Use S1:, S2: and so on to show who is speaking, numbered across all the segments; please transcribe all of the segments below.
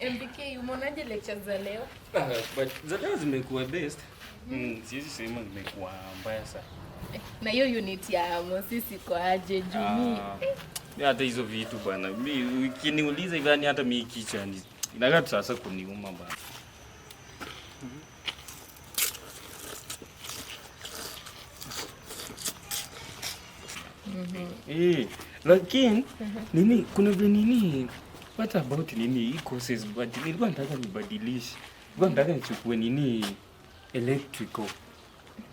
S1: MBK, umeonaje lectures za leo?
S2: Ah, but za leo zimekuwa best. Mm, siwezi sema zimekuwa mbaya sana.
S1: Eh, na hiyo unit ya Mosisi aje jumi. Ah, eh,
S2: hata hizo vitu bwana. Mimi ukiniuliza hivyo yani hata mimi kichwa ni inakaa sasa kuniuma bwana. Mhm. Eh, lakini mhm. nini kuna vile nini What about nini hii courses badili, nilikuwa nataka nibadilishe. Nilikuwa nataka nichukue nini electrical.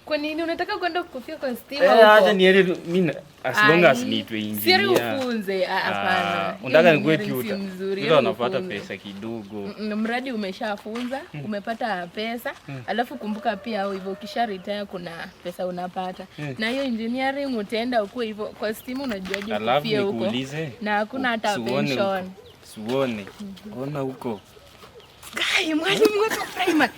S1: Kwa nini unataka kwenda kufia kwa stima eh, huko? Eh, acha
S2: niende mimi as long as niitwe engineer. Siri ufunze,
S1: ah, hapana.
S2: Unataka nikuwe tutor. Ndio unafuata pesa kidogo.
S1: Mradi umeshafunza, hmm. Umepata pesa, hmm. Alafu kumbuka pia au hivyo kisha retire kuna pesa unapata. Hmm. Na hiyo engineering utaenda huko hivyo kwa stima unajuaje kufia huko? Na hakuna hata pension
S2: usiuone. Ona huko
S1: Kai, mwalimu wetu primary.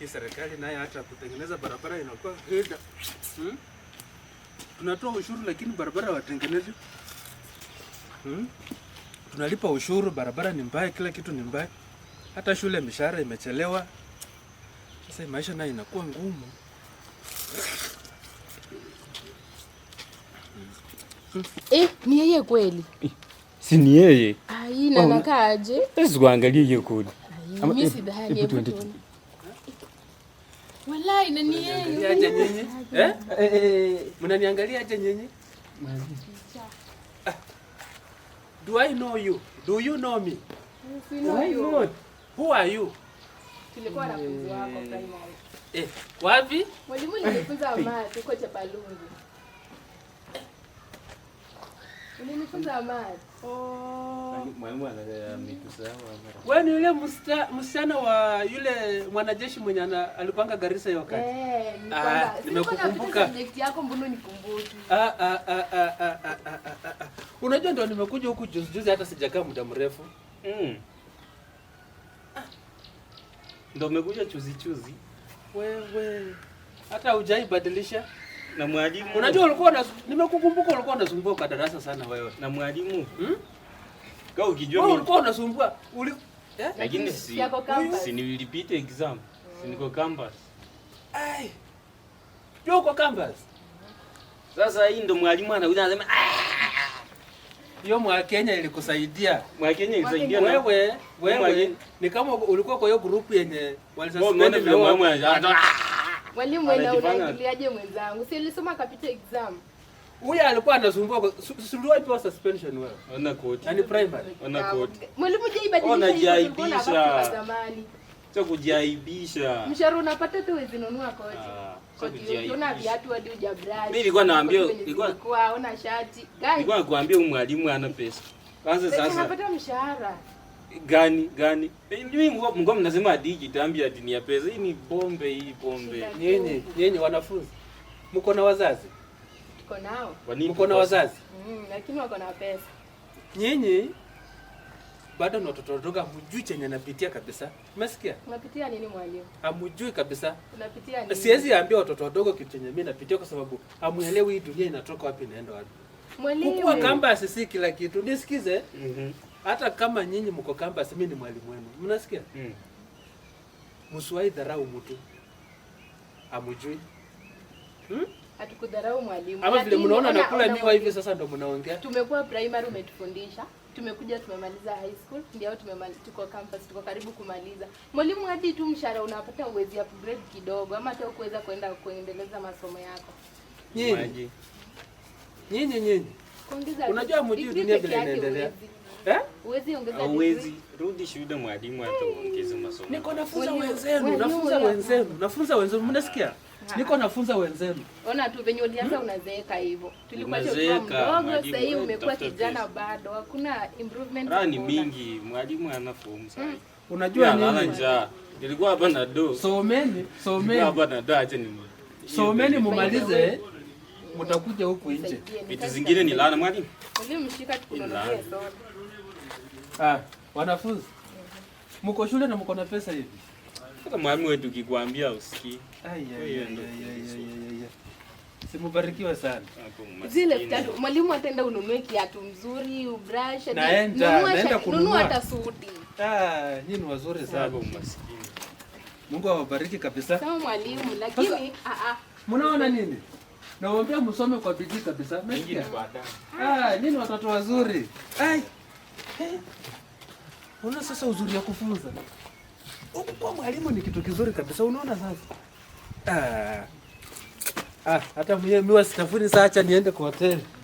S2: Hii serikali nayo hata kutengeneza barabara inakuwa heda. Hmm? Tunatoa ushuru lakini barabara watengeneze. Hmm? Tunalipa ushuru, barabara ni mbaya, kila kitu ni mbaya. Hata shule mishahara imechelewa. Sasa maisha nayo inakuwa ngumu. Hmm.
S1: Eh, ni yeye kweli? Eh,
S2: si ni yeye.
S1: Aina oh, nakaaje?
S2: Sikuangalia hiyo kodi.
S1: Mimi eh, si bahali hebu tuone. Wallahi na ni yeye.
S2: Aje nyenye? Eh? eh? Eh, mnaniangalia aje nyenye? Ah. Do I know you? Do you know me?
S1: Why not?
S2: Who are you? Tulikuwa na wanafunzi wako primary. Eh, wapi?
S1: Mwalimu nilifunza math cha Chapalungu.
S2: Wewe ni yule msichana wa yule mwanajeshi mwenye alipanga Garissa hiyo wakati.
S1: Eh, ah, nimekukumbuka.
S2: Unajua ndio nimekuja huku juzi juzi, hata sijakaa muda mrefu. Hmm. Ndio mekuja chuzi chuzi. Wewe hata hujaibadilisha na mwalimu. Unajua ulikuwa na nimekukumbuka ulikuwa unasumbua kwa darasa sana wewe. Na mwalimu. Hmm? Kwa ukijua mimi ulikuwa unasumbua. Uli eh? Lakini si si nilipita exam. Si niko campus. Ai. Jo kwa campus. Sasa hii ndo mwalimu anakuja anasema ah! hiyo mwa Kenya ilikusaidia. Mwa Kenya ilisaidia na wewe wewe ni kama ulikuwa kwa hiyo group yenye walisasuspend na wewe.
S1: Mwalimu wewe unaingiliaje mwenzangu? Si nilisoma kapita exam.
S2: Huyu alikuwa anasumbua suruali ipo suspension wewe. Ona court. Yaani primary. Ona court.
S1: Mwalimu ibadilisha. Ona
S2: jaibisha. Sio kujaibisha.
S1: Mshahara unapata tu wezi nunua koti. Ah, koti una viatu hadi hujabrashi.
S2: Mimi nilikuwa naambia
S1: kwa una shati.
S2: Guys. Nilikuwa nakuambia huyu mwalimu hana pesa. Kwanza sasa. Unapata
S1: mshahara
S2: gani gani eh, mimi mko mnasema tambi ya dini ya pesa hii ni bombe hii bombe nyenye nyenye wanafunzi mko na wazazi tuko nao mko na wazazi
S1: mm, lakini wako na pesa
S2: nyenye bado ni watoto wadogo hamjui chenye napitia kabisa umesikia
S1: unapitia nini mwalimu
S2: hamjui kabisa
S1: unapitia nini
S2: siwezi ambia watoto wadogo kitu chenye mimi napitia kwa sababu hamuelewi hii dunia inatoka wapi inaenda wapi mwalimu kwa kamba sisi kila kitu nisikize mm hata kama nyinyi mko campus, mimi ni mwalimu wenu, mnasikia? Hmm. Msiwahi mm. dharau mtu amujui
S1: hmm? Hatukudharau mwalimu,
S2: ama vile mnaona nakula miwa hivi sasa ndo mnaongea.
S1: Tumekuwa primary, umetufundisha tumekuja tumemaliza high school ndio tumemaliza, tuko campus, tuko karibu kumaliza. Mwalimu, hadi tu mshahara unapata uwezi upgrade kidogo, ama hata kuweza kwenda kuendeleza masomo yako.
S2: Nyinyi nyinyi nyinyi, unajua mjui dunia vile inaendelea Eh? Uwezi uwezi rudi shule, mwalimu ataongeza masomo. Niko nafunza wenzenu, nafunza wenzenu, nafunza wenzenu, mnasikia? Niko nafunza wenzenu.
S1: Ona tu venye ulianza unazeeka hivyo. Tulikuwa mdogo, oh, sasa hivi umekuwa kijana bado. Hakuna improvement.
S2: Rani mingi, mwalimu ana form sana. Mm. Unajua nini? Nilikuwa hapa na do. Someni, someni. Hapa na do aje ni. Someni mumalize. Mtakuja huku nje. Vitu zingine ni laana mwalimu.
S1: Mwalimu mshika tukunonia sote.
S2: Ah, wanafunzi mko shule na mko na pesa hivi? Sasa mwalimu wetu ukikwambia usikii. Simubarikiwa sana.
S1: Zile vitatu mwalimu ataenda ununue kiatu mzuri, ubrush, nunua hata suti.
S2: Ah, nyinyi wazuri sana. Mungu awabariki kabisa.
S1: Sawa mwalimu, lakini a ah, a. Ah.
S2: Mnaona nini? Naomba msome kwa bidii kabisa. Mimi ni Ah, nyinyi watoto wazuri. Ai. Unaona sasa uzuri ya kufunza huku kwa mwalimu ni kitu kizuri kabisa. Unaona sasa ah. Ah, hata mimi miwa sitafuni, acha niende kwa hoteli.